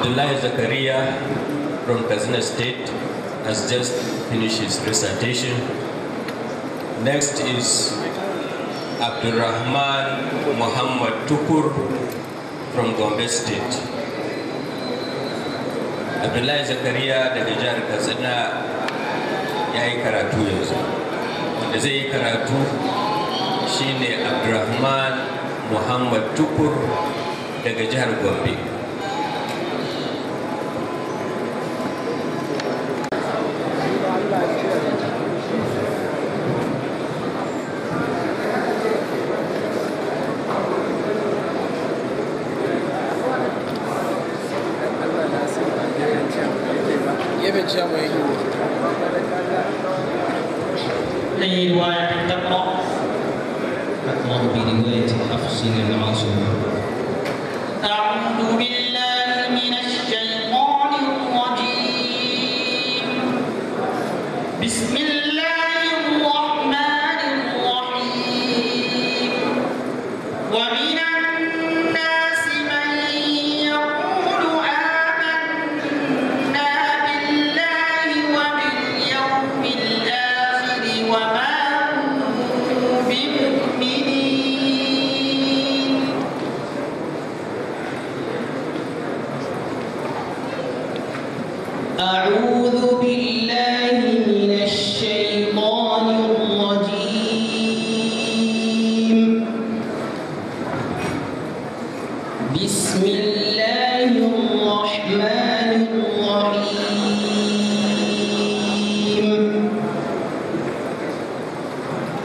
Abdullah Zakaria from Kazina State has just finished his recitation. Next is Abdurrahman Muhammad Tukur from Gombe State. Abdullah Zakaria daga jihar Katsina ya karatu yanzu. karatu shine Abdurrahman Muhammad Tukur daga Gombe. hour beating late after seeing an answer.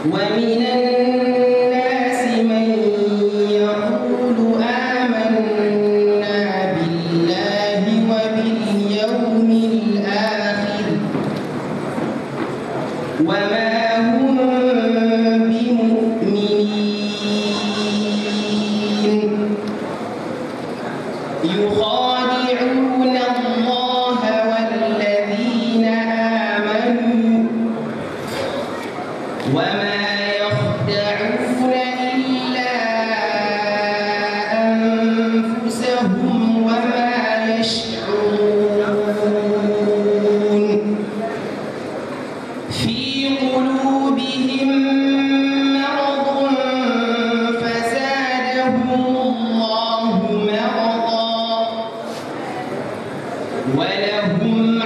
ومن الناس ولهم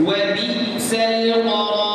وبئس القرار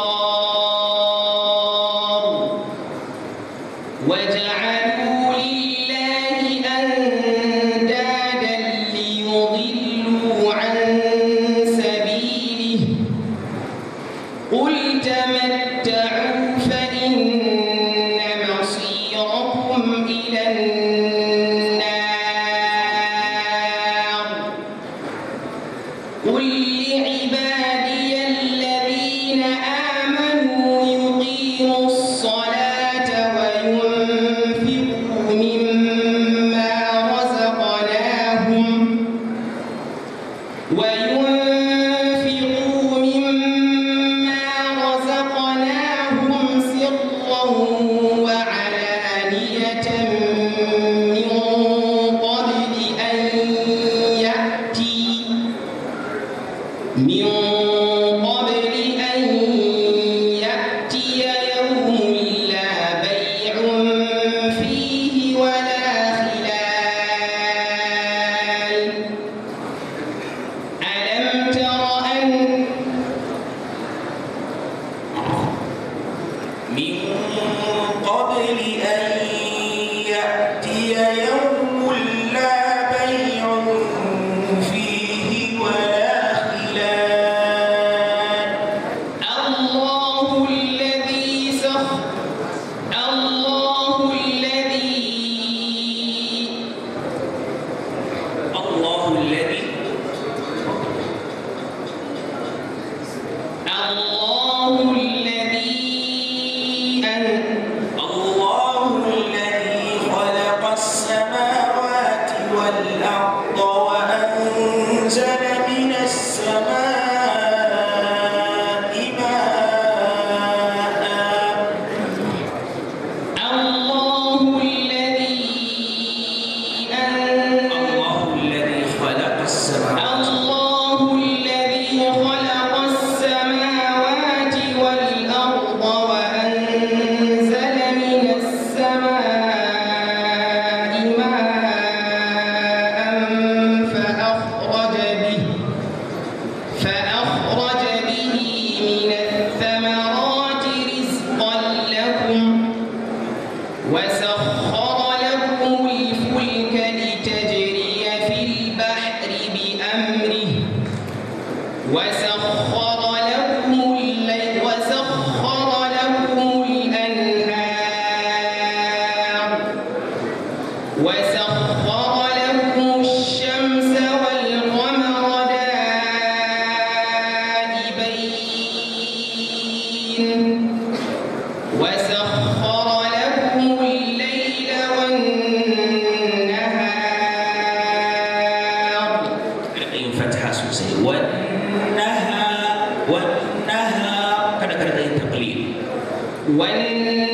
When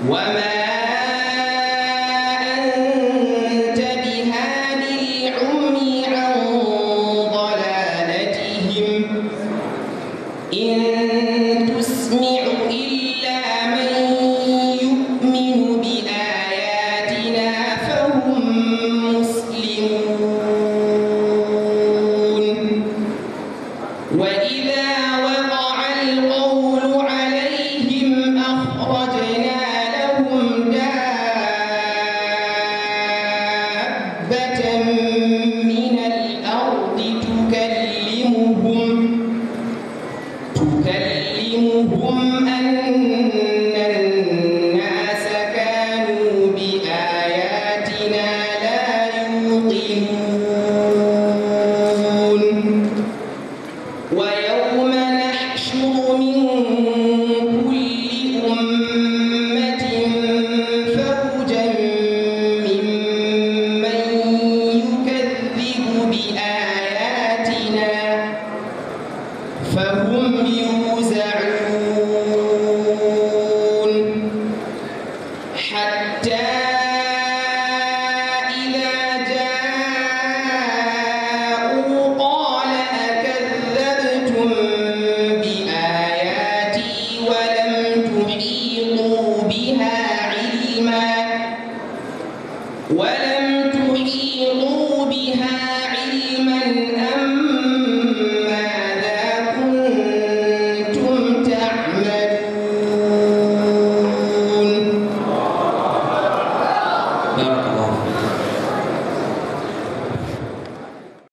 وما